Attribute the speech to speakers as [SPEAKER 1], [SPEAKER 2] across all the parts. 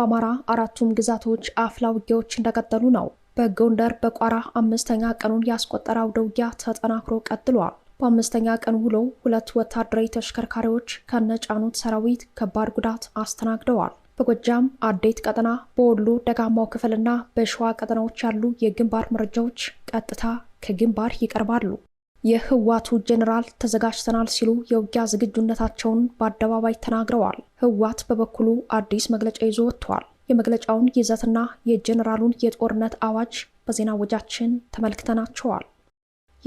[SPEAKER 1] በአማራ አራቱም ግዛቶች አፍላ ውጊያዎች እንደቀጠሉ ነው። በጎንደር በቋራ አምስተኛ ቀኑን ያስቆጠረ አውደ ውጊያ ተጠናክሮ ቀጥሏል። በአምስተኛ ቀን ውሎ ሁለት ወታደራዊ ተሽከርካሪዎች ከነጫኑት ሰራዊት ከባድ ጉዳት አስተናግደዋል። በጎጃም አዴት ቀጠና፣ በወሎ ደጋማው ክፍልና በሸዋ ቀጠናዎች ያሉ የግንባር መረጃዎች ቀጥታ ከግንባር ይቀርባሉ። የህዋቱ ጄኔራል ተዘጋጅተናል ሲሉ የውጊያ ዝግጁነታቸውን በአደባባይ ተናግረዋል። ህዋት በበኩሉ አዲስ መግለጫ ይዞ ወጥተዋል። የመግለጫውን ይዘትና የጄኔራሉን የጦርነት አዋጅ በዜና ወጃችን ተመልክተናቸዋል።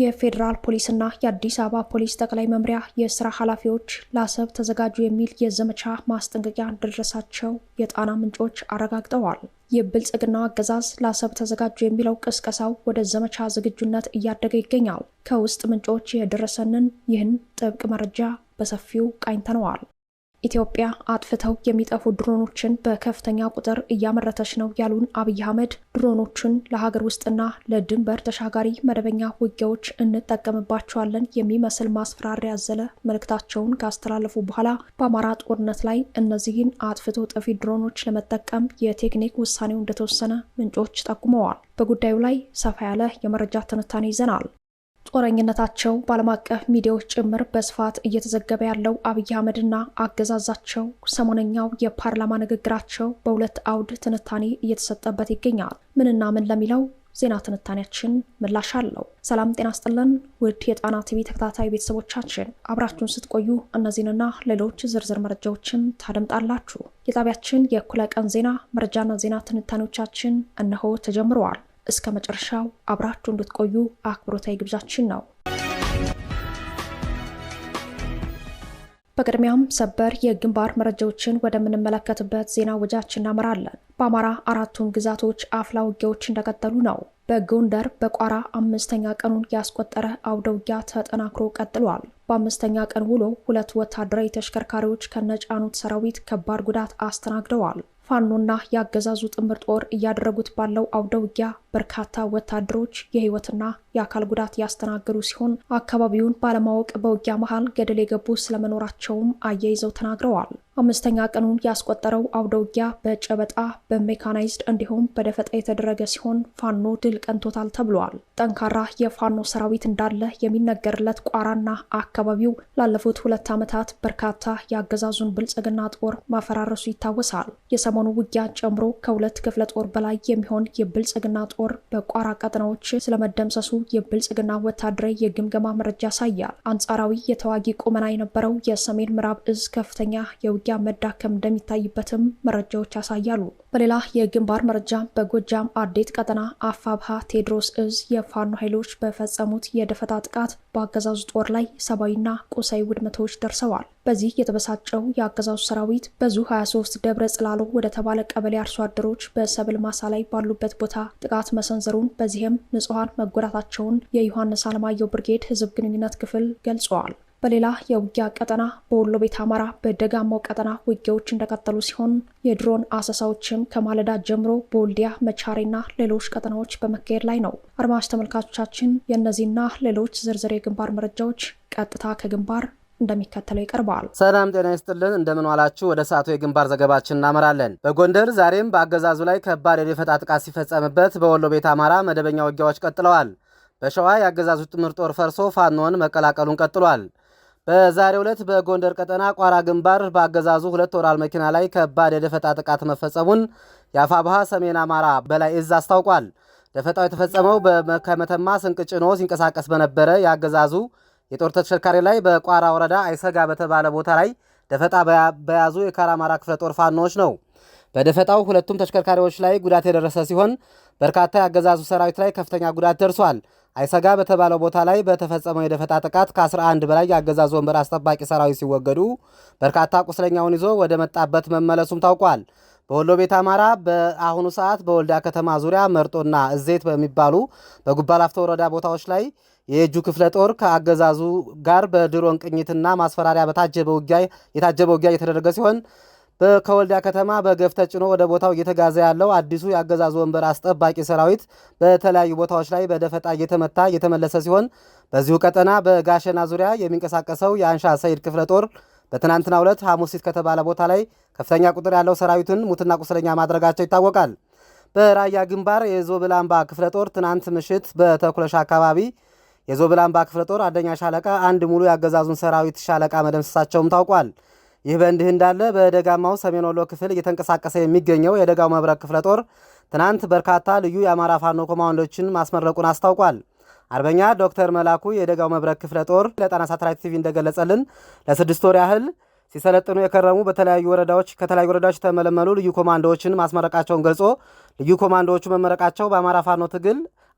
[SPEAKER 1] የፌዴራል ፖሊስና የአዲስ አበባ ፖሊስ ጠቅላይ መምሪያ የስራ ኃላፊዎች ለአሰብ ተዘጋጁ የሚል የዘመቻ ማስጠንቀቂያ እንደደረሳቸው የጣና ምንጮች አረጋግጠዋል። የብልጽግናው አገዛዝ ለአሰብ ተዘጋጁ የሚለው ቅስቀሳው ወደ ዘመቻ ዝግጁነት እያደገ ይገኛል። ከውስጥ ምንጮች የደረሰንን ይህን ጥብቅ መረጃ በሰፊው ቃኝተነዋል። ኢትዮጵያ አጥፍተው የሚጠፉ ድሮኖችን በከፍተኛ ቁጥር እያመረተች ነው ያሉን አብይ አህመድ ድሮኖቹን ለሀገር ውስጥና ለድንበር ተሻጋሪ መደበኛ ውጊያዎች እንጠቀምባቸዋለን የሚመስል ማስፈራሪያ ያዘለ መልእክታቸውን ካስተላለፉ በኋላ በአማራ ጦርነት ላይ እነዚህን አጥፍቶ ጠፊ ድሮኖች ለመጠቀም የቴክኒክ ውሳኔው እንደተወሰነ ምንጮች ጠቁመዋል። በጉዳዩ ላይ ሰፋ ያለ የመረጃ ትንታኔ ይዘናል። ጦረኝነታቸው በዓለም አቀፍ ሚዲያዎች ጭምር በስፋት እየተዘገበ ያለው አብይ አህመድና አገዛዛቸው ሰሞነኛው የፓርላማ ንግግራቸው በሁለት አውድ ትንታኔ እየተሰጠበት ይገኛል። ምንና ምን ለሚለው ዜና ትንታኔያችን ምላሽ አለው። ሰላም ጤና ስጥልን ውድ የጣና ቲቪ ተከታታይ ቤተሰቦቻችን አብራችሁን ስትቆዩ እነዚህንና ሌሎች ዝርዝር መረጃዎችን ታደምጣላችሁ። የጣቢያችን የእኩለ ቀን ዜና መረጃና ዜና ትንታኔዎቻችን እነሆ ተጀምረዋል። እስከ መጨረሻው አብራችሁ እንድትቆዩ አክብሮታዊ ግብዣችን ነው። በቅድሚያም ሰበር የግንባር መረጃዎችን ወደምንመለከትበት ዜና ወጃችን እናመራለን። በአማራ አራቱም ግዛቶች አፍላ ውጊያዎች እንደቀጠሉ ነው። በጎንደር በቋራ አምስተኛ ቀኑን ያስቆጠረ አውደ ውጊያ ተጠናክሮ ቀጥሏል። በአምስተኛ ቀን ውሎ ሁለት ወታደራዊ ተሽከርካሪዎች ከነጫኑት ሰራዊት ከባድ ጉዳት አስተናግደዋል። ፋኖና የአገዛዙ ጥምር ጦር እያደረጉት ባለው አውደ ውጊያ በርካታ ወታደሮች የህይወትና የአካል ጉዳት ያስተናገዱ ሲሆን አካባቢውን ባለማወቅ በውጊያ መሃል ገደል የገቡ ስለመኖራቸውም አያይዘው ተናግረዋል። አምስተኛ ቀኑን ያስቆጠረው አውደ ውጊያ በጨበጣ በሜካናይዝድ እንዲሁም በደፈጣ የተደረገ ሲሆን ፋኖ ድል ቀንቶታል ተብሏል። ጠንካራ የፋኖ ሰራዊት እንዳለ የሚነገርለት ቋራና አካባቢው ላለፉት ሁለት ዓመታት በርካታ የአገዛዙን ብልጽግና ጦር ማፈራረሱ ይታወሳል። የሰሞኑ ውጊያ ጨምሮ ከሁለት ክፍለ ጦር በላይ የሚሆን የብልጽግና ጦር ጦር በቋራ ቀጠናዎች ስለመደምሰሱ የብልጽግና ወታደራዊ የግምገማ መረጃ ያሳያል። አንጻራዊ የተዋጊ ቁመና የነበረው የሰሜን ምዕራብ እዝ ከፍተኛ የውጊያ መዳከም እንደሚታይበትም መረጃዎች ያሳያሉ። በሌላ የግንባር መረጃ በጎጃም አዴት ቀጠና አፋብሃ ቴዎድሮስ እዝ የፋኖ ኃይሎች በፈጸሙት የደፈጣ ጥቃት በአገዛዙ ጦር ላይ ሰብአዊና ቁሳዊ ውድመቶች ደርሰዋል። በዚህ የተበሳጨው የአገዛዙ ሰራዊት በዙ 23 ደብረ ጽላሎ ወደ ተባለ ቀበሌ አርሶ አደሮች በሰብል ማሳ ላይ ባሉበት ቦታ ጥቃት መሰንዘሩን በዚህም ንጹሐን መጎዳታቸውን የዮሐንስ አለማየሁ ብርጌድ ህዝብ ግንኙነት ክፍል ገልጸዋል። በሌላ የውጊያ ቀጠና በወሎ ቤት አማራ በደጋማው ቀጠና ውጊያዎች እንደቀጠሉ ሲሆን የድሮን አሰሳዎችም ከማለዳ ጀምሮ በወልዲያ መቻሬና ሌሎች ቀጠናዎች በመካሄድ ላይ ነው። አድማጭ ተመልካቾቻችን የእነዚህና ሌሎች ዝርዝር የግንባር መረጃዎች ቀጥታ ከግንባር እንደሚከተለው ይቀርበዋል።
[SPEAKER 2] ሰላም ጤና ይስጥልን፣ እንደምን ዋላችሁ። ወደ ሰዓቱ የግንባር ዘገባችን እናመራለን። በጎንደር ዛሬም በአገዛዙ ላይ ከባድ የደፈጣ ጥቃት ሲፈጸምበት፣ በወሎ ቤት አማራ መደበኛ ውጊያዎች ቀጥለዋል። በሸዋ የአገዛዙ ጥምር ጦር ፈርሶ ፋኖን መቀላቀሉን ቀጥሏል። በዛሬው ዕለት በጎንደር ቀጠና ቋራ ግንባር በአገዛዙ ሁለት ወራል መኪና ላይ ከባድ የደፈጣ ጥቃት መፈጸሙን የአፋብሃ ሰሜን አማራ በላይ እዝ አስታውቋል። ደፈጣው የተፈጸመው ከመተማ ስንቅ ጭኖ ሲንቀሳቀስ በነበረ የአገዛዙ የጦር ተሽከርካሪ ላይ በቋራ ወረዳ አይሰጋ በተባለ ቦታ ላይ ደፈጣ በያዙ የካራማራ ክፍለ ጦር ፋኖዎች ነው። በደፈጣው ሁለቱም ተሽከርካሪዎች ላይ ጉዳት የደረሰ ሲሆን በርካታ የአገዛዙ ሰራዊት ላይ ከፍተኛ ጉዳት ደርሷል። አይሰጋ በተባለው ቦታ ላይ በተፈጸመው የደፈጣ ጥቃት ከ11 በላይ የአገዛዙ ወንበር አስጠባቂ ሰራዊት ሲወገዱ በርካታ ቁስለኛውን ይዞ ወደ መጣበት መመለሱም ታውቋል። በወሎ ቤት አማራ በአሁኑ ሰዓት በወልዳ ከተማ ዙሪያ መርጦና እዜት በሚባሉ በጉባላፍቶ ወረዳ ቦታዎች ላይ የእጁ ክፍለ ጦር ከአገዛዙ ጋር በድሮን ቅኝትና ማስፈራሪያ በታጀበ ውጊያ የታጀበ ውጊያ እየተደረገ ሲሆን ከወልዲያ ከተማ በገፍ ተጭኖ ወደ ቦታው እየተጋዘ ያለው አዲሱ የአገዛዙ ወንበር አስጠባቂ ሰራዊት በተለያዩ ቦታዎች ላይ በደፈጣ እየተመታ እየተመለሰ ሲሆን በዚሁ ቀጠና በጋሸና ዙሪያ የሚንቀሳቀሰው የአንሻ ሰይድ ክፍለ ጦር በትናንትናው ዕለት ሐሙሲት ከተባለ ቦታ ላይ ከፍተኛ ቁጥር ያለው ሰራዊቱን ሙትና ቁስለኛ ማድረጋቸው ይታወቃል። በራያ ግንባር የዞብላምባ ክፍለ ጦር ትናንት ምሽት በተኩለሻ አካባቢ የዞብላምባ ክፍለ ጦር አንደኛ ሻለቃ አንድ ሙሉ የአገዛዙን ሰራዊት ሻለቃ መደምሰሳቸውም ታውቋል። ይህ በእንዲህ እንዳለ በደጋማው ሰሜን ወሎ ክፍል እየተንቀሳቀሰ የሚገኘው የደጋው መብረቅ ክፍለ ጦር ትናንት በርካታ ልዩ የአማራ ፋኖ ኮማንዶችን ማስመረቁን አስታውቋል። አርበኛ ዶክተር መላኩ የደጋው መብረቅ ክፍለ ጦር ለጣና ሳተላይት ቲቪ እንደገለጸልን ለስድስት ወር ያህል ሲሰለጥኑ የከረሙ በተለያዩ ወረዳዎች ከተለያዩ ወረዳዎች የተመለመሉ ልዩ ኮማንዶዎችን ማስመረቃቸውን ገልጾ ልዩ ኮማንዶዎቹ መመረቃቸው በአማራ ፋኖ ትግል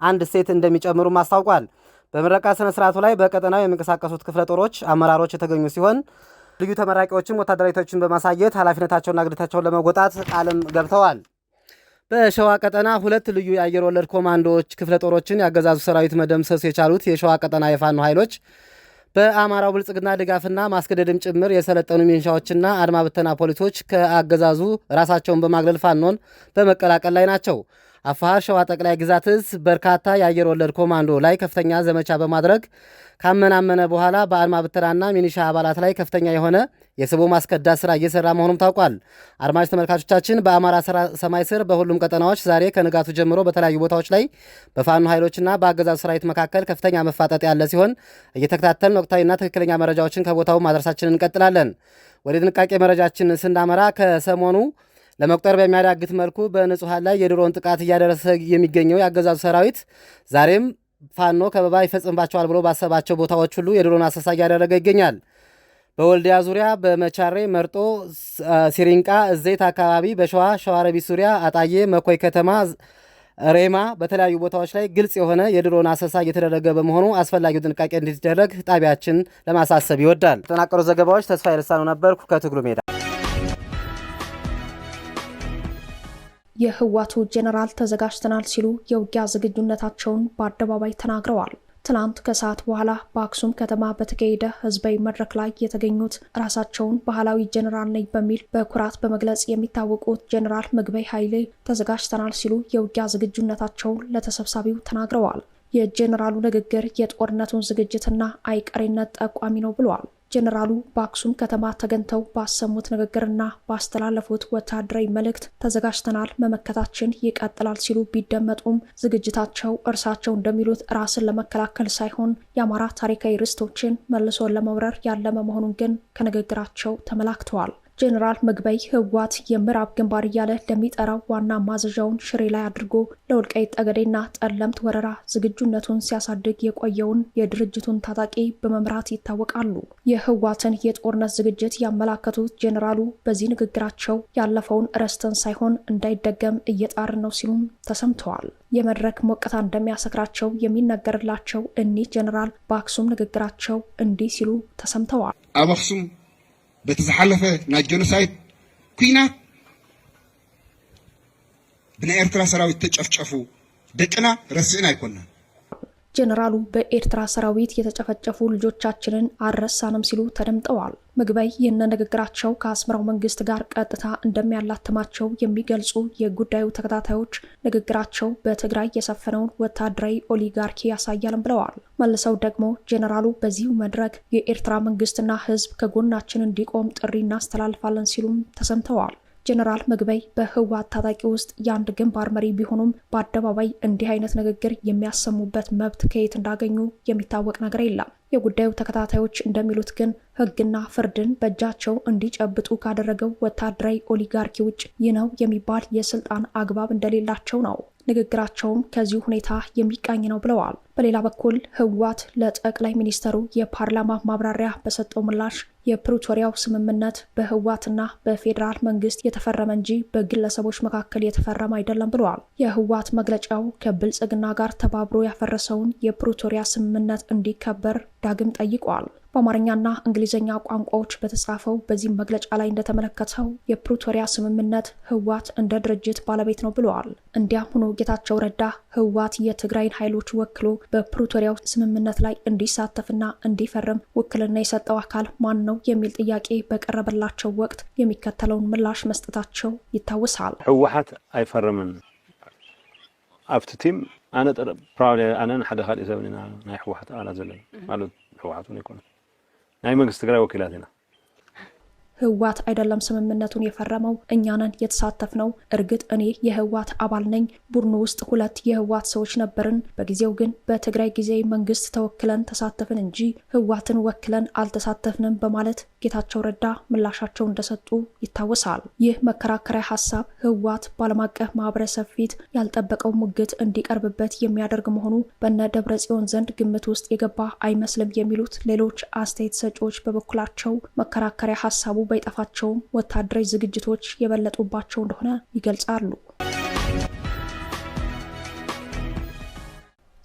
[SPEAKER 2] አንድ ሴት እንደሚጨምሩም አስታውቋል። በምረቃ ስነ ስርዓቱ ላይ በቀጠናው የሚንቀሳቀሱት ክፍለ ጦሮች አመራሮች የተገኙ ሲሆን ልዩ ተመራቂዎችም ወታደራዊ በማሳየት ኃላፊነታቸውንና ግዴታቸውን ለመወጣት ቃልም ገብተዋል። በሸዋ ቀጠና ሁለት ልዩ የአየር ወለድ ኮማንዶዎች ክፍለ ጦሮችን ያገዛዙ ሰራዊት መደምሰስ የቻሉት የሸዋ ቀጠና የፋኖ ኃይሎች በአማራው ብልጽግና ድጋፍና ማስገደድም ጭምር የሰለጠኑ ሚንሻዎችና አድማ ብተና ፖሊሶች ከአገዛዙ ራሳቸውን በማግለል ፋኖን በመቀላቀል ላይ ናቸው። አፋር ሸዋ ጠቅላይ ግዛት እዝ በርካታ የአየር ወለድ ኮማንዶ ላይ ከፍተኛ ዘመቻ በማድረግ ካመናመነ በኋላ በአድማ ብተናና ሚኒሻ አባላት ላይ ከፍተኛ የሆነ የስቦ ማስከዳ ስራ እየሰራ መሆኑም ታውቋል። አድማጭ ተመልካቾቻችን በአማራ ሰማይ ስር በሁሉም ቀጠናዎች ዛሬ ከንጋቱ ጀምሮ በተለያዩ ቦታዎች ላይ በፋኖ ኃይሎችና በአገዛዙ ሰራዊት መካከል ከፍተኛ መፋጠጥ ያለ ሲሆን እየተከታተልን ወቅታዊና ትክክለኛ መረጃዎችን ከቦታው ማድረሳችን እንቀጥላለን። ወደ ጥንቃቄ መረጃችን ስናመራ ከሰሞኑ ለመቁጠር በሚያዳግት መልኩ በንጹሐን ላይ የድሮን ጥቃት እያደረሰ የሚገኘው የአገዛዙ ሰራዊት ዛሬም ፋኖ ከበባ ይፈጽምባቸዋል ብሎ ባሰባቸው ቦታዎች ሁሉ የድሮን አሰሳ እያደረገ ይገኛል። በወልዲያ ዙሪያ በመቻሬ መርጦ፣ ሲሪንቃ፣ እዜት አካባቢ፣ በሸዋ ሸዋረቢ ዙሪያ፣ አጣዬ፣ መኮይ ከተማ፣ ሬማ በተለያዩ ቦታዎች ላይ ግልጽ የሆነ የድሮን አሰሳ እየተደረገ በመሆኑ አስፈላጊው ጥንቃቄ እንዲደረግ ጣቢያችን ለማሳሰብ ይወዳል። የተጠናቀሩ ዘገባዎች ተስፋ የልሳኑ ነበርኩ ከትግሉ ሜዳ
[SPEAKER 1] የህዋቱ ጄኔራል ተዘጋጅተናል ሲሉ የውጊያ ዝግጁነታቸውን በአደባባይ ተናግረዋል። ትናንት ከሰዓት በኋላ በአክሱም ከተማ በተካሄደ ህዝባዊ መድረክ ላይ የተገኙት ራሳቸውን ባህላዊ ጄኔራል ነኝ በሚል በኩራት በመግለጽ የሚታወቁት ጄኔራል ምግበይ ኃይሌ ተዘጋጅተናል ሲሉ የውጊያ ዝግጁነታቸውን ለተሰብሳቢው ተናግረዋል። የጄኔራሉ ንግግር የጦርነቱን ዝግጅትና አይቀሬነት ጠቋሚ ነው ብለዋል። ጀነራሉ በአክሱም ከተማ ተገኝተው ባሰሙት ንግግርና ባስተላለፉት ወታደራዊ መልእክት ተዘጋጅተናል፣ መመከታችን ይቀጥላል ሲሉ ቢደመጡም ዝግጅታቸው እርሳቸው እንደሚሉት ራስን ለመከላከል ሳይሆን የአማራ ታሪካዊ ርስቶችን መልሶ ለመውረር ያለመ መሆኑን ግን ከንግግራቸው ተመላክተዋል። ጄኔራል ምግበይ ህወሓት የምዕራብ ግንባር እያለ ለሚጠራው ዋና ማዘዣውን ሽሬ ላይ አድርጎ ለወልቃይት ጠገዴና ጠለምት ወረራ ዝግጁነቱን ሲያሳድግ የቆየውን የድርጅቱን ታጣቂ በመምራት ይታወቃሉ። የህወሓትን የጦርነት ዝግጅት ያመላከቱት ጄኔራሉ በዚህ ንግግራቸው ያለፈውን ረስተን ሳይሆን እንዳይደገም እየጣርን ነው ሲሉም ተሰምተዋል። የመድረክ ሞቀታ እንደሚያሰክራቸው የሚነገርላቸው እኒህ ጄኔራል በአክሱም ንግግራቸው እንዲህ ሲሉ ተሰምተዋል።
[SPEAKER 3] አብ አክሱም በቲ ናይ ጀኖሳይድ ኩናት ብናይ ኤርትራ ሰራዊት ተጨፍጨፉ ደቅና ረሲዕን ኣይኮነን
[SPEAKER 1] ጄኔራሉ በኤርትራ ሰራዊት የተጨፈጨፉ ልጆቻችንን አልረሳንም ሲሉ ተደምጠዋል። ምግበይ ይህን ንግግራቸው ከአስመራው መንግስት ጋር ቀጥታ እንደሚያላትማቸው የሚገልጹ የጉዳዩ ተከታታዮች ንግግራቸው በትግራይ የሰፈነውን ወታደራዊ ኦሊጋርኪ ያሳያልም ብለዋል። መልሰው ደግሞ ጄኔራሉ በዚሁ መድረክ የኤርትራ መንግስትና ህዝብ ከጎናችን እንዲቆም ጥሪ እናስተላልፋለን ሲሉም ተሰምተዋል። ጀነራል ምግበይ በህወሓት ታጣቂ ውስጥ የአንድ ግንባር መሪ ቢሆኑም በአደባባይ እንዲህ አይነት ንግግር የሚያሰሙበት መብት ከየት እንዳገኙ የሚታወቅ ነገር የለም። የጉዳዩ ተከታታዮች እንደሚሉት ግን ህግና ፍርድን በእጃቸው እንዲጨብጡ ካደረገው ወታደራዊ ኦሊጋርኪ ውጭ ይህ ነው የሚባል የስልጣን አግባብ እንደሌላቸው ነው። ንግግራቸውም ከዚሁ ሁኔታ የሚቃኝ ነው ብለዋል። በሌላ በኩል ህወሓት ለጠቅላይ ሚኒስተሩ የፓርላማ ማብራሪያ በሰጠው ምላሽ የፕሪቶሪያው ስምምነት በህወሓትና በፌዴራል መንግስት የተፈረመ እንጂ በግለሰቦች መካከል የተፈረመ አይደለም ብለዋል። የህወሓት መግለጫው ከብልጽግና ጋር ተባብሮ ያፈረሰውን የፕሪቶሪያ ስምምነት እንዲከበር ዳግም ጠይቋል። በአማርኛና እንግሊዝኛ ቋንቋዎች በተጻፈው በዚህም መግለጫ ላይ እንደተመለከተው የፕሪቶሪያ ስምምነት ህወሓት እንደ ድርጅት ባለቤት ነው ብለዋል። እንዲያም ሆኖ ጌታቸው ረዳ ህወሓት የትግራይን ኃይሎች ወክሎ በፕሪቶሪያው ስምምነት ላይ እንዲሳተፍና እንዲፈርም ውክልና የሰጠው አካል ማን ነው የሚል ጥያቄ በቀረበላቸው ወቅት የሚከተለውን ምላሽ መስጠታቸው ይታወሳል።
[SPEAKER 4] ህወሓት አይፈርምን ኣብቲ ቲም ኣነ ኣነ ሓደ ካሊእ ሰብ ናይ ህወሓት ኣላ ዘለና ማለት ህወሓት እውን ናይ መንግስቲ ትግራይ ወኪላት ኢና
[SPEAKER 1] ህዋት አይደለም ስምምነቱን የፈረመው እኛንን የተሳተፍ ነው። እርግጥ እኔ የህዋት አባል ነኝ። ቡድኑ ውስጥ ሁለት የህዋት ሰዎች ነበርን። በጊዜው ግን በትግራይ ጊዜያዊ መንግስት ተወክለን ተሳተፍን እንጂ ህዋትን ወክለን አልተሳተፍንም በማለት ጌታቸው ረዳ ምላሻቸው እንደሰጡ ይታወሳል። ይህ መከራከሪያ ሀሳብ ህዋት በዓለም አቀፍ ማህበረሰብ ፊት ያልጠበቀው ሙግት እንዲቀርብበት የሚያደርግ መሆኑ በነ ደብረ ጽዮን ዘንድ ግምት ውስጥ የገባ አይመስልም የሚሉት ሌሎች አስተያየት ሰጪዎች በበኩላቸው መከራከሪያ ሀሳቡ ባይጠፋቸውም ወታደራዊ ዝግጅቶች የበለጡባቸው እንደሆነ ይገልጻሉ።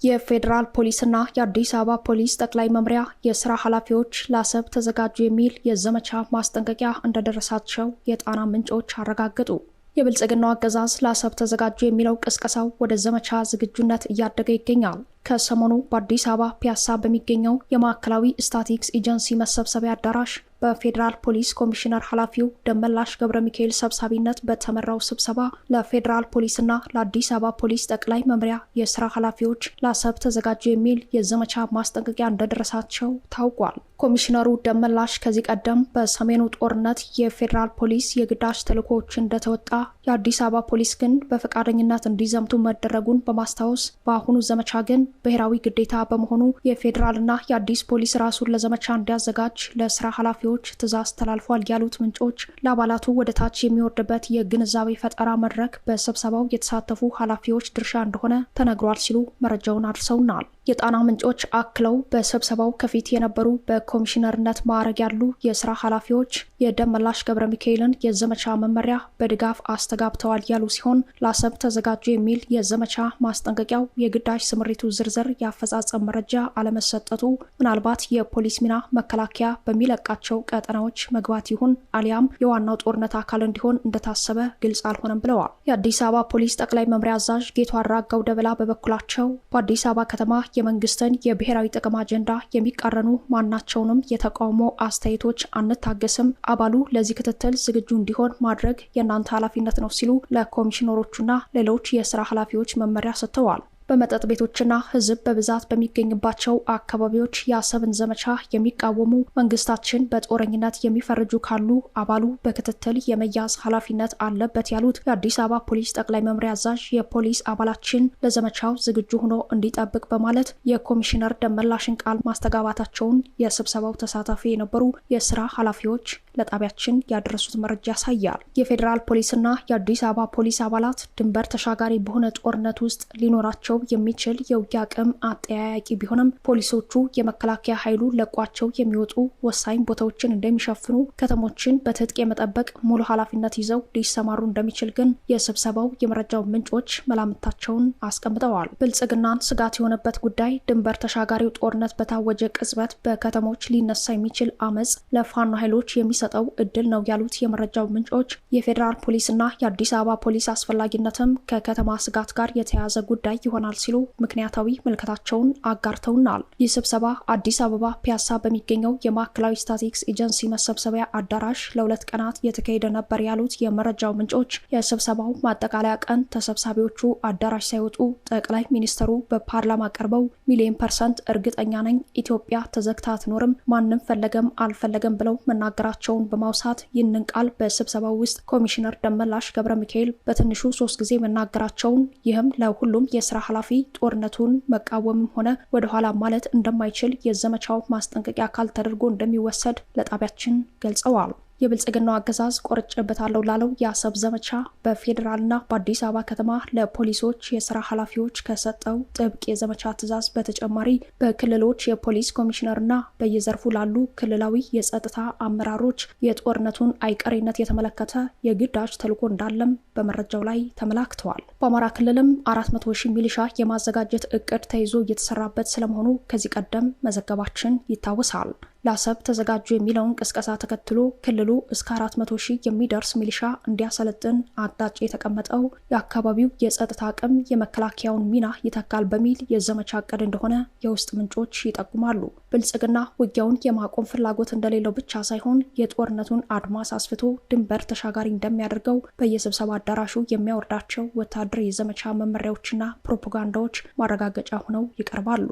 [SPEAKER 1] የፌዴራል ፖሊስና የአዲስ አበባ ፖሊስ ጠቅላይ መምሪያ የስራ ኃላፊዎች ለአሰብ ተዘጋጁ የሚል የዘመቻ ማስጠንቀቂያ እንደደረሳቸው የጣና ምንጮች አረጋገጡ። የብልጽግናው አገዛዝ ለአሰብ ተዘጋጁ የሚለው ቅስቀሳው ወደ ዘመቻ ዝግጁነት እያደገ ይገኛል። ከሰሞኑ በአዲስ አበባ ፒያሳ በሚገኘው የማዕከላዊ ስታቲክስ ኤጀንሲ መሰብሰቢያ አዳራሽ በፌዴራል ፖሊስ ኮሚሽነር ኃላፊው ደመላሽ ገብረ ሚካኤል ሰብሳቢነት በተመራው ስብሰባ ለፌዴራል ፖሊስና ለአዲስ አበባ ፖሊስ ጠቅላይ መምሪያ የስራ ኃላፊዎች ለአሰብ ተዘጋጁ የሚል የዘመቻ ማስጠንቀቂያ እንደደረሳቸው ታውቋል። ኮሚሽነሩ ደመላሽ ከዚህ ቀደም በሰሜኑ ጦርነት የፌዴራል ፖሊስ የግዳጅ ተልዕኮዎች እንደተወጣ የአዲስ አበባ ፖሊስ ግን በፈቃደኝነት እንዲዘምቱ መደረጉን በማስታወስ በአሁኑ ዘመቻ ግን ብሔራዊ ግዴታ በመሆኑ የፌዴራልና የአዲስ ፖሊስ ራሱን ለዘመቻ እንዲያዘጋጅ ለስራ ኃላፊዎች ኃላፊዎች ትዛዝ ተላልፏል ያሉት ምንጮች ለአባላቱ ወደ ታች የሚወርድበት የግንዛቤ ፈጠራ መድረክ በስብሰባው የተሳተፉ ኃላፊዎች ድርሻ እንደሆነ ተነግሯል ሲሉ መረጃውን አድርሰውናል። የጣና ምንጮች አክለው በስብሰባው ከፊት የነበሩ በኮሚሽነርነት ማዕረግ ያሉ የስራ ኃላፊዎች የደመላሽ ገብረ ሚካኤልን የዘመቻ መመሪያ በድጋፍ አስተጋብተዋል ያሉ ሲሆን ለአሰብ ተዘጋጁ የሚል የዘመቻ ማስጠንቀቂያው የግዳጅ ስምሪቱ ዝርዝር የአፈጻጸም መረጃ አለመሰጠቱ ምናልባት የፖሊስ ሚና መከላከያ በሚለቃቸው ቀጠናዎች መግባት ይሁን አሊያም የዋናው ጦርነት አካል እንዲሆን እንደታሰበ ግልጽ አልሆነም ብለዋል። የአዲስ አበባ ፖሊስ ጠቅላይ መምሪያ አዛዥ ጌቱ አራጋው ደበላ በበኩላቸው በአዲስ አበባ ከተማ የመንግስትን የብሔራዊ ጥቅም አጀንዳ የሚቃረኑ ማናቸውንም የተቃውሞ አስተያየቶች አንታገስም። አባሉ ለዚህ ክትትል ዝግጁ እንዲሆን ማድረግ የእናንተ ኃላፊነት ነው ሲሉ ለኮሚሽነሮቹና ሌሎች የስራ ኃላፊዎች መመሪያ ሰጥተዋል። በመጠጥ ቤቶችና ህዝብ በብዛት በሚገኝባቸው አካባቢዎች የአሰብን ዘመቻ የሚቃወሙ መንግስታችን በጦረኝነት የሚፈርጁ ካሉ አባሉ በክትትል የመያዝ ኃላፊነት አለበት ያሉት የአዲስ አበባ ፖሊስ ጠቅላይ መምሪያ አዛዥ የፖሊስ አባላችን ለዘመቻው ዝግጁ ሆኖ እንዲጠብቅ በማለት የኮሚሽነር ደመላሽን ቃል ማስተጋባታቸውን የስብሰባው ተሳታፊ የነበሩ የስራ ኃላፊዎች ለጣቢያችን ያደረሱት መረጃ ያሳያል። የፌዴራል ፖሊስና የአዲስ አበባ ፖሊስ አባላት ድንበር ተሻጋሪ በሆነ ጦርነት ውስጥ ሊኖራቸው የሚችል የውጊያ አቅም አጠያያቂ ቢሆንም ፖሊሶቹ የመከላከያ ኃይሉ ለቋቸው የሚወጡ ወሳኝ ቦታዎችን እንደሚሸፍኑ፣ ከተሞችን በትጥቅ የመጠበቅ ሙሉ ኃላፊነት ይዘው ሊሰማሩ እንደሚችል ግን የስብሰባው የመረጃው ምንጮች መላምታቸውን አስቀምጠዋል። ብልጽግናን ስጋት የሆነበት ጉዳይ ድንበር ተሻጋሪው ጦርነት በታወጀ ቅጽበት በከተሞች ሊነሳ የሚችል አመፅ ለፋኖ ኃይሎች የሚ የሚሰጠው እድል ነው ያሉት የመረጃው ምንጮች የፌዴራል ፖሊስና የአዲስ አበባ ፖሊስ አስፈላጊነትም ከከተማ ስጋት ጋር የተያያዘ ጉዳይ ይሆናል ሲሉ ምክንያታዊ ምልከታቸውን አጋርተውናል። ይህ ስብሰባ አዲስ አበባ ፒያሳ በሚገኘው የማዕከላዊ ስታቲክስ ኤጀንሲ መሰብሰቢያ አዳራሽ ለሁለት ቀናት የተካሄደ ነበር ያሉት የመረጃው ምንጮች የስብሰባው ማጠቃለያ ቀን ተሰብሳቢዎቹ አዳራሽ ሳይወጡ ጠቅላይ ሚኒስትሩ በፓርላማ ቀርበው ሚሊዮን ፐርሰንት እርግጠኛ ነኝ ኢትዮጵያ ተዘግታ አትኖርም ማንም ፈለገም አልፈለገም ብለው መናገራቸው መሆናቸውን በማውሳት ይህንን ቃል በስብሰባው ውስጥ ኮሚሽነር ደመላሽ ገብረ ሚካኤል በትንሹ ሶስት ጊዜ መናገራቸውን ይህም ለሁሉም የስራ ኃላፊ ጦርነቱን መቃወምም ሆነ ወደኋላ ማለት እንደማይችል የዘመቻው ማስጠንቀቂያ አካል ተደርጎ እንደሚወሰድ ለጣቢያችን ገልጸዋል። የብልጽግናው አገዛዝ ቆርጬበታለሁ ላለው የአሰብ ዘመቻ በፌዴራልና በአዲስ አበባ ከተማ ለፖሊሶች የስራ ኃላፊዎች ከሰጠው ጥብቅ የዘመቻ ትዕዛዝ በተጨማሪ በክልሎች የፖሊስ ኮሚሽነርና በየዘርፉ ላሉ ክልላዊ የጸጥታ አመራሮች የጦርነቱን አይቀሬነት የተመለከተ የግዳጅ ተልዕኮ እንዳለም በመረጃው ላይ ተመላክተዋል። በአማራ ክልልም አራት መቶ ሺህ ሚሊሻ የማዘጋጀት እቅድ ተይዞ እየተሰራበት ስለመሆኑ ከዚህ ቀደም መዘገባችን ይታወሳል። ለአሰብ ተዘጋጁ የሚለውን ቅስቀሳ ተከትሎ ክልሉ እስከ 400 ሺህ የሚደርስ ሚሊሻ እንዲያሰለጥን አቅጣጫ የተቀመጠው የአካባቢው የጸጥታ አቅም የመከላከያውን ሚና ይተካል በሚል የዘመቻ እቅድ እንደሆነ የውስጥ ምንጮች ይጠቁማሉ። ብልጽግና ውጊያውን የማቆም ፍላጎት እንደሌለው ብቻ ሳይሆን የጦርነቱን አድማስ አስፍቶ ድንበር ተሻጋሪ እንደሚያደርገው በየስብሰባ አዳራሹ የሚያወርዳቸው ወታደር የዘመቻ መመሪያዎችና ፕሮፓጋንዳዎች ማረጋገጫ ሆነው ይቀርባሉ።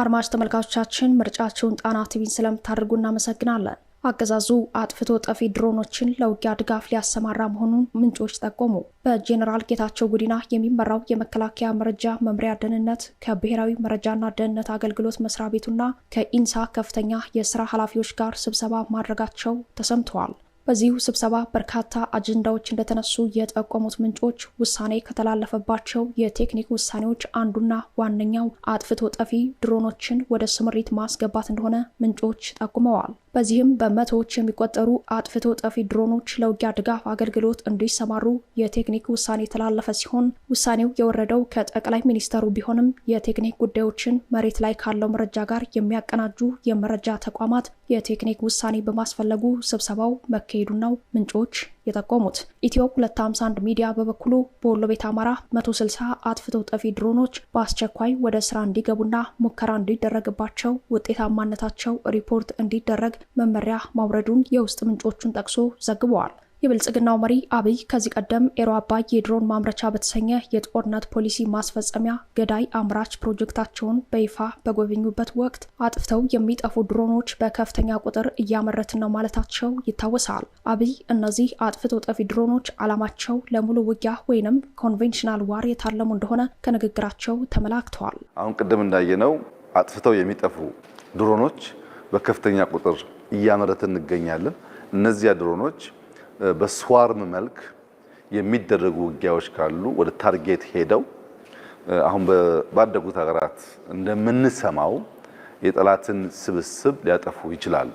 [SPEAKER 1] አድማጭ ተመልካቾቻችን ምርጫችሁን ጣና ቲቪን ስለምታደርጉ እናመሰግናለን። አገዛዙ አጥፍቶ ጠፊ ድሮኖችን ለውጊያ ድጋፍ ሊያሰማራ መሆኑን ምንጮች ጠቆሙ። በጄኔራል ጌታቸው ጉዲና የሚመራው የመከላከያ መረጃ መምሪያ ደህንነት ከብሔራዊ መረጃና ደህንነት አገልግሎት መስሪያ ቤቱና ከኢንሳ ከፍተኛ የስራ ኃላፊዎች ጋር ስብሰባ ማድረጋቸው ተሰምተዋል። በዚሁ ስብሰባ በርካታ አጀንዳዎች እንደተነሱ የጠቆሙት ምንጮች ውሳኔ ከተላለፈባቸው የቴክኒክ ውሳኔዎች አንዱና ዋነኛው አጥፍቶ ጠፊ ድሮኖችን ወደ ስምሪት ማስገባት እንደሆነ ምንጮች ጠቁመዋል። በዚህም በመቶዎች የሚቆጠሩ አጥፍቶ ጠፊ ድሮኖች ለውጊያ ድጋፍ አገልግሎት እንዲሰማሩ የቴክኒክ ውሳኔ የተላለፈ ሲሆን ውሳኔው የወረደው ከጠቅላይ ሚኒስተሩ ቢሆንም የቴክኒክ ጉዳዮችን መሬት ላይ ካለው መረጃ ጋር የሚያቀናጁ የመረጃ ተቋማት የቴክኒክ ውሳኔ በማስፈለጉ ስብሰባው መካሄድ ነው ምንጮች የጠቆሙት ኢትዮ 251 ሚዲያ በበኩሉ በወሎ ቤት አማራ 160 አጥፍቶ ጠፊ ድሮኖች በአስቸኳይ ወደ ስራ እንዲገቡና ሙከራ እንዲደረግባቸው ውጤታማነታቸው ሪፖርት እንዲደረግ መመሪያ ማውረዱን የውስጥ ምንጮቹን ጠቅሶ ዘግበዋል። የብልጽግናው መሪ አብይ ከዚህ ቀደም ኤሮ አባይ የድሮን ማምረቻ በተሰኘ የጦርነት ፖሊሲ ማስፈጸሚያ ገዳይ አምራች ፕሮጀክታቸውን በይፋ በጎበኙበት ወቅት አጥፍተው የሚጠፉ ድሮኖች በከፍተኛ ቁጥር እያመረትን ነው ማለታቸው ይታወሳል። አብይ እነዚህ አጥፍቶ ጠፊ ድሮኖች ዓላማቸው ለሙሉ ውጊያ ወይንም ኮንቬንሽናል ዋር የታለሙ እንደሆነ ከንግግራቸው ተመላክተዋል።
[SPEAKER 5] አሁን ቅድም እንዳየነው አጥፍተው የሚጠፉ ድሮኖች በከፍተኛ ቁጥር እያመረትን እንገኛለን። እነዚያ ድሮኖች በስዋርም መልክ የሚደረጉ ውጊያዎች ካሉ ወደ ታርጌት ሄደው አሁን ባደጉት ሀገራት እንደምንሰማው የጠላትን ስብስብ ሊያጠፉ ይችላሉ።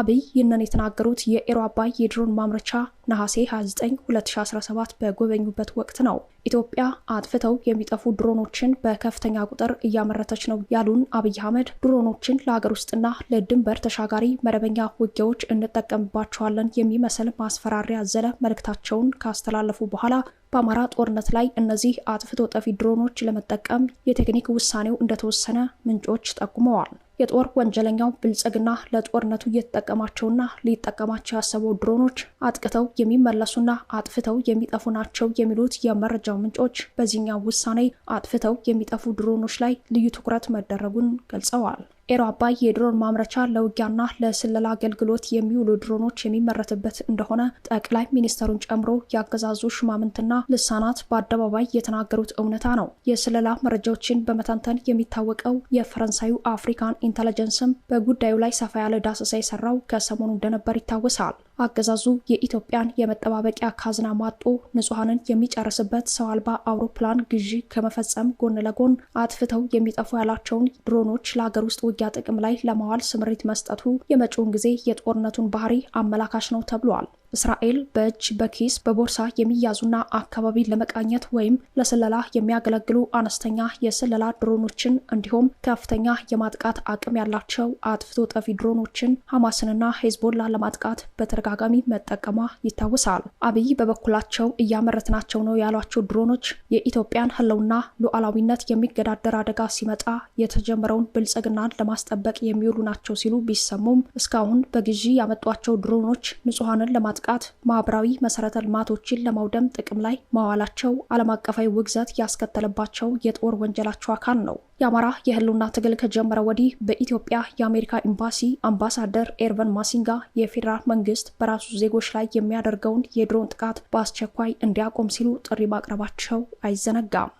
[SPEAKER 1] አብይ ይህንን የተናገሩት የኤሮ አባይ የድሮን ማምረቻ ነሐሴ 29 2017 በጎበኙበት ወቅት ነው። ኢትዮጵያ አጥፍተው የሚጠፉ ድሮኖችን በከፍተኛ ቁጥር እያመረተች ነው ያሉን አብይ አህመድ ድሮኖችን ለሀገር ውስጥና ለድንበር ተሻጋሪ መደበኛ ውጊያዎች እንጠቀምባቸዋለን የሚመስል ማስፈራሪያ ዘለ መልእክታቸውን ካስተላለፉ በኋላ በአማራ ጦርነት ላይ እነዚህ አጥፍቶ ጠፊ ድሮኖች ለመጠቀም የቴክኒክ ውሳኔው እንደተወሰነ ምንጮች ጠቁመዋል። የጦር ወንጀለኛው ብልጽግና ለጦርነቱ እየተጠቀማቸውና ሊጠቀማቸው ያሰበው ድሮኖች አጥቅተው የሚመለሱና አጥፍተው የሚጠፉ ናቸው የሚሉት የመረጃው ምንጮች በዚህኛው ውሳኔ አጥፍተው የሚጠፉ ድሮኖች ላይ ልዩ ትኩረት መደረጉን ገልጸዋል። ኤሮ አባይ የድሮን ማምረቻ ለውጊያና ለስለላ አገልግሎት የሚውሉ ድሮኖች የሚመረትበት እንደሆነ ጠቅላይ ሚኒስተሩን ጨምሮ ያገዛዙ ሽማምንትና ልሳናት በአደባባይ የተናገሩት እውነታ ነው። የስለላ መረጃዎችን በመተንተን የሚታወቀው የፈረንሳዩ አፍሪካን ኢንተለጀንስም በጉዳዩ ላይ ሰፋ ያለ ዳሰሳ የሰራው ከሰሞኑ እንደነበር ይታወሳል። አገዛዙ የኢትዮጵያን የመጠባበቂያ ካዝና ማጦ ንጹሐንን የሚጨርስበት ሰው አልባ አውሮፕላን ግዢ ከመፈጸም ጎን ለጎን አጥፍተው የሚጠፉ ያላቸውን ድሮኖች ለሀገር ውስጥ ውጊያ ጥቅም ላይ ለማዋል ስምሪት መስጠቱ የመጪውን ጊዜ የጦርነቱን ባህሪ አመላካሽ ነው ተብሏል። እስራኤል በእጅ በኪስ በቦርሳ የሚያዙና አካባቢን ለመቃኘት ወይም ለስለላ የሚያገለግሉ አነስተኛ የስለላ ድሮኖችን እንዲሁም ከፍተኛ የማጥቃት አቅም ያላቸው አጥፍቶ ጠፊ ድሮኖችን ሐማስንና ሄዝቦላ ለማጥቃት በተረ በተደጋጋሚ መጠቀሟ ይታወሳል። አብይ በበኩላቸው እያመረትናቸው ነው ያሏቸው ድሮኖች የኢትዮጵያን ህልውና ሉዓላዊነት የሚገዳደር አደጋ ሲመጣ የተጀመረውን ብልጽግናን ለማስጠበቅ የሚውሉ ናቸው ሲሉ ቢሰሙም እስካሁን በግዢ ያመጧቸው ድሮኖች ንጹሐንን ለማጥቃት ማህበራዊ መሰረተ ልማቶችን ለማውደም ጥቅም ላይ ማዋላቸው ዓለም አቀፋዊ ውግዘት ያስከተለባቸው የጦር ወንጀላቸው አካል ነው። የአማራ የህልውና ትግል ከጀመረ ወዲህ በኢትዮጵያ የአሜሪካ ኤምባሲ አምባሳደር ኤርቨን ማሲንጋ የፌዴራል መንግስት በራሱ ዜጎች ላይ የሚያደርገውን የድሮን ጥቃት በአስቸኳይ እንዲያቆም ሲሉ ጥሪ ማቅረባቸው አይዘነጋም።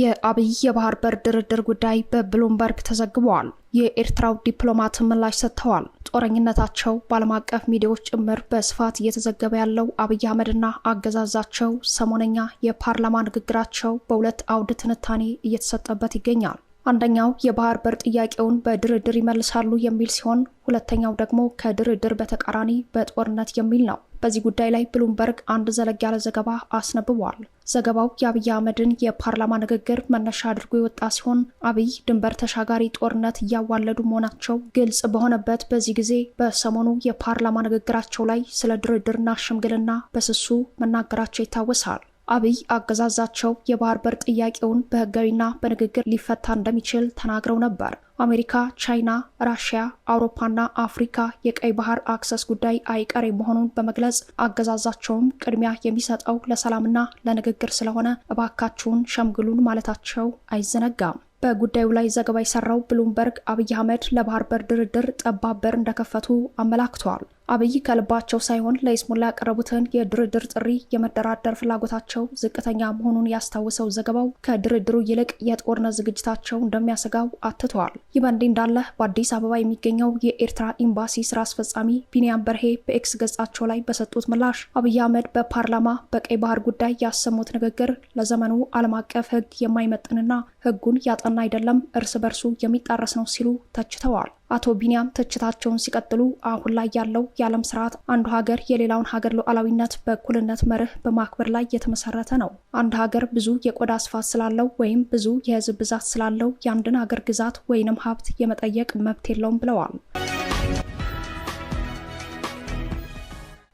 [SPEAKER 1] የአብይ የባህር በር ድርድር ጉዳይ በብሉምበርግ ተዘግበዋል። የኤርትራው ዲፕሎማት ምላሽ ሰጥተዋል። ጦረኝነታቸው በዓለም አቀፍ ሚዲያዎች ጭምር በስፋት እየተዘገበ ያለው አብይ አህመድና አገዛዛቸው ሰሞነኛ የፓርላማ ንግግራቸው በሁለት አውድ ትንታኔ እየተሰጠበት ይገኛል። አንደኛው የባህር በር ጥያቄውን በድርድር ይመልሳሉ የሚል ሲሆን ሁለተኛው ደግሞ ከድርድር በተቃራኒ በጦርነት የሚል ነው። በዚህ ጉዳይ ላይ ብሉምበርግ አንድ ዘለግ ያለ ዘገባ አስነብቧል። ዘገባው የአብይ አህመድን የፓርላማ ንግግር መነሻ አድርጎ የወጣ ሲሆን አብይ ድንበር ተሻጋሪ ጦርነት እያዋለዱ መሆናቸው ግልጽ በሆነበት በዚህ ጊዜ በሰሞኑ የፓርላማ ንግግራቸው ላይ ስለ ድርድርና ሽምግልና በስሱ መናገራቸው ይታወሳል። አብይ አገዛዛቸው የባህር በር ጥያቄውን በህጋዊና በንግግር ሊፈታ እንደሚችል ተናግረው ነበር። አሜሪካ፣ ቻይና፣ ራሽያ፣ አውሮፓና አፍሪካ የቀይ ባህር አክሰስ ጉዳይ አይቀሬ መሆኑን በመግለጽ አገዛዛቸውም ቅድሚያ የሚሰጠው ለሰላምና ለንግግር ስለሆነ እባካችሁን ሸምግሉን ማለታቸው አይዘነጋም። በጉዳዩ ላይ ዘገባ የሰራው ብሉምበርግ አብይ አህመድ ለባህር በር ድርድር ጠባብ በር እንደከፈቱ አመላክተዋል። አብይ ከልባቸው ሳይሆን ለይስሙላ ያቀረቡትን የድርድር ጥሪ የመደራደር ፍላጎታቸው ዝቅተኛ መሆኑን ያስታውሰው ዘገባው ከድርድሩ ይልቅ የጦርነት ዝግጅታቸው እንደሚያሰጋው አትተዋል። ይህ በእንዲህ እንዳለ በአዲስ አበባ የሚገኘው የኤርትራ ኤምባሲ ስራ አስፈጻሚ ቢንያም በርሄ በኤክስ ገጻቸው ላይ በሰጡት ምላሽ አብይ አህመድ በፓርላማ በቀይ ባህር ጉዳይ ያሰሙት ንግግር ለዘመኑ ዓለም አቀፍ ሕግ የማይመጥንና ሕጉን ያጠ የተጠና አይደለም፣ እርስ በርሱ የሚጣረስ ነው ሲሉ ተችተዋል። አቶ ቢኒያም ትችታቸውን ሲቀጥሉ አሁን ላይ ያለው የዓለም ስርዓት አንዱ ሀገር የሌላውን ሀገር ሉዓላዊነት በእኩልነት መርህ በማክበር ላይ የተመሰረተ ነው። አንድ ሀገር ብዙ የቆዳ ስፋት ስላለው ወይም ብዙ የህዝብ ብዛት ስላለው የአንድን ሀገር ግዛት ወይንም ሀብት የመጠየቅ መብት የለውም ብለዋል።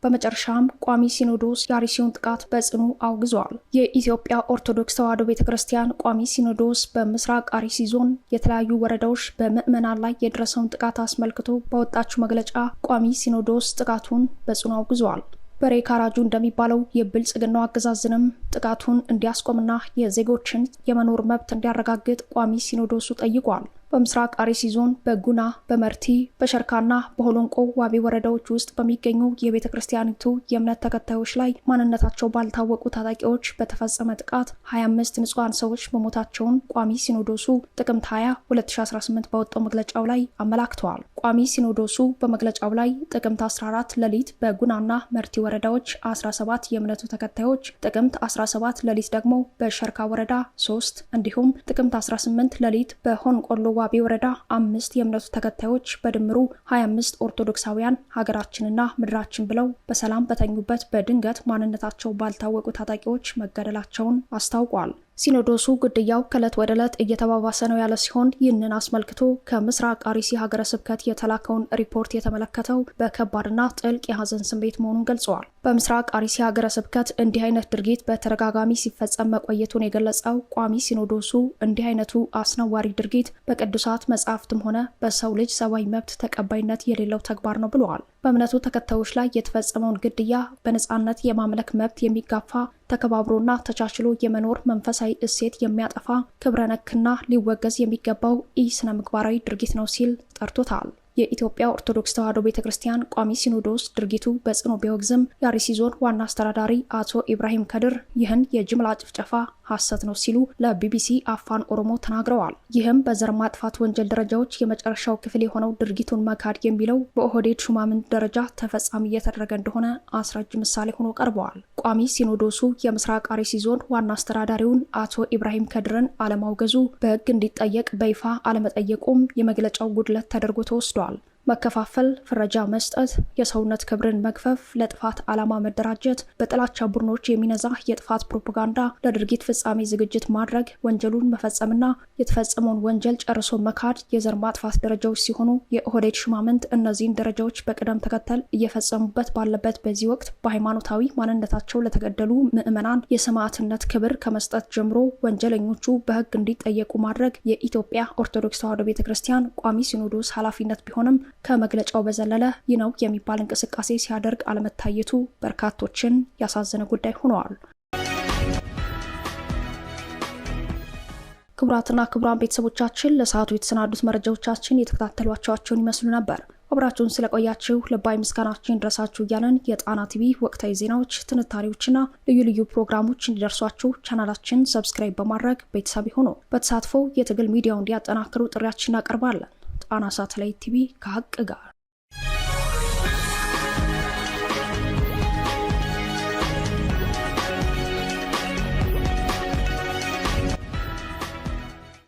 [SPEAKER 1] በመጨረሻም ቋሚ ሲኖዶስ የአርሲውን ጥቃት በጽኑ አውግዟል። የኢትዮጵያ ኦርቶዶክስ ተዋሕዶ ቤተ ክርስቲያን ቋሚ ሲኖዶስ በምስራቅ አርሲ ዞን የተለያዩ ወረዳዎች በምዕመናን ላይ የደረሰውን ጥቃት አስመልክቶ በወጣችው መግለጫ ቋሚ ሲኖዶስ ጥቃቱን በጽኑ አውግዟል። በሬ ካራጁ እንደሚባለው የብልጽግናው አገዛዝንም ጥቃቱን እንዲያስቆምና የዜጎችን የመኖር መብት እንዲያረጋግጥ ቋሚ ሲኖዶሱ ጠይቋል። በምስራቅ አርሲ ዞን በጉና በመርቲ በሸርካና በሆሎንቆ ዋቢ ወረዳዎች ውስጥ በሚገኙ የቤተ ክርስቲያኒቱ የእምነት ተከታዮች ላይ ማንነታቸው ባልታወቁ ታጣቂዎች በተፈጸመ ጥቃት 25 ንጹሐን ሰዎች መሞታቸውን ቋሚ ሲኖዶሱ ጥቅምት 20 2018 በወጣው መግለጫው ላይ አመላክተዋል። ቋሚ ሲኖዶሱ በመግለጫው ላይ ጥቅምት 14 ሌሊት በጉናና መርቲ ወረዳዎች 17 የእምነቱ ተከታዮች፣ ጥቅምት 17 ሌሊት ደግሞ በሸርካ ወረዳ 3 እንዲሁም ጥቅምት 18 ሌሊት በሆንቆሎ በዋቢ ወረዳ አምስት የእምነቱ ተከታዮች በድምሩ 25 ኦርቶዶክሳውያን ሀገራችንና ምድራችን ብለው በሰላም በተኙበት በድንገት ማንነታቸው ባልታወቁ ታጣቂዎች መገደላቸውን አስታውቋል። ሲኖዶሱ ግድያው ከእለት ወደ ዕለት እየተባባሰ ነው ያለ ሲሆን ይህንን አስመልክቶ ከምስራቅ አርሲ ሀገረ ስብከት የተላከውን ሪፖርት የተመለከተው በከባድና ጥልቅ የሀዘን ስሜት መሆኑን ገልጸዋል። በምስራቅ አርሲ ሀገረ ስብከት እንዲህ አይነት ድርጊት በተደጋጋሚ ሲፈጸም መቆየቱን የገለጸው ቋሚ ሲኖዶሱ እንዲህ አይነቱ አስነዋሪ ድርጊት በቅዱሳት መጻሕፍትም ሆነ በሰው ልጅ ሰብአዊ መብት ተቀባይነት የሌለው ተግባር ነው ብለዋል። በእምነቱ ተከታዮች ላይ የተፈጸመውን ግድያ በነጻነት የማምለክ መብት የሚጋፋ ተከባብሮና ተቻችሎ የመኖር መንፈሳዊ እሴት የሚያጠፋ ክብረነክና ሊወገዝ የሚገባው ኢ ስነ ምግባራዊ ድርጊት ነው ሲል ጠርቶታል። የኢትዮጵያ ኦርቶዶክስ ተዋሕዶ ቤተ ክርስቲያን ቋሚ ሲኖዶስ ድርጊቱ በጽኑ ቢወግዝም የአርሲ ዞን ዋና አስተዳዳሪ አቶ ኢብራሂም ከድር ይህን የጅምላ ጭፍጨፋ ሀሰት ነው ሲሉ ለቢቢሲ አፋን ኦሮሞ ተናግረዋል። ይህም በዘር ማጥፋት ወንጀል ደረጃዎች የመጨረሻው ክፍል የሆነው ድርጊቱን መካድ የሚለው በኦህዴድ ሹማምንት ደረጃ ተፈጻሚ እየተደረገ እንደሆነ አስረጅ ምሳሌ ሆኖ ቀርበዋል። ቋሚ ሲኖዶሱ የምስራቅ አርሲ ዞን ዋና አስተዳዳሪውን አቶ ኢብራሂም ከድርን አለማውገዙ፣ በህግ እንዲጠየቅ በይፋ አለመጠየቁም የመግለጫው ጉድለት ተደርጎ ተወስዷል። መከፋፈል፣ ፍረጃ መስጠት፣ የሰውነት ክብርን መግፈፍ፣ ለጥፋት ዓላማ መደራጀት፣ በጥላቻ ቡድኖች የሚነዛ የጥፋት ፕሮፓጋንዳ፣ ለድርጊት ፍጻሜ ዝግጅት ማድረግ፣ ወንጀሉን መፈጸምና የተፈጸመውን ወንጀል ጨርሶ መካድ የዘር ማጥፋት ደረጃዎች ሲሆኑ የኦህዴድ ሹማምንት እነዚህን ደረጃዎች በቅደም ተከተል እየፈጸሙበት ባለበት በዚህ ወቅት በሃይማኖታዊ ማንነታቸው ለተገደሉ ምዕመናን የሰማዕትነት ክብር ከመስጠት ጀምሮ ወንጀለኞቹ በህግ እንዲጠየቁ ማድረግ የኢትዮጵያ ኦርቶዶክስ ተዋሕዶ ቤተ ክርስቲያን ቋሚ ሲኖዶስ ኃላፊነት ቢሆንም ከመግለጫው በዘለለ ይህ ነው የሚባል እንቅስቃሴ ሲያደርግ አለመታየቱ በርካቶችን ያሳዘነ ጉዳይ ሆነዋል። ክቡራትና ክቡራን ቤተሰቦቻችን ለሰዓቱ የተሰናዱት መረጃዎቻችን የተከታተሏቸዋቸውን ይመስሉ ነበር። አብራችሁን ስለቆያችሁ ልባዊ ምስጋናችን ይድረሳችሁ እያለን የጣና ቲቪ ወቅታዊ ዜናዎች፣ ትንታኔዎችና ልዩ ልዩ ፕሮግራሞች እንዲደርሷችሁ ቻናላችን ሰብስክራይብ በማድረግ ቤተሰብ ሆኖ በተሳትፎ የትግል ሚዲያው እንዲያጠናክሩ ጥሪያችን እናቀርባለን። ጣና ሳተላይት ቲቪ ከሀቅ ጋር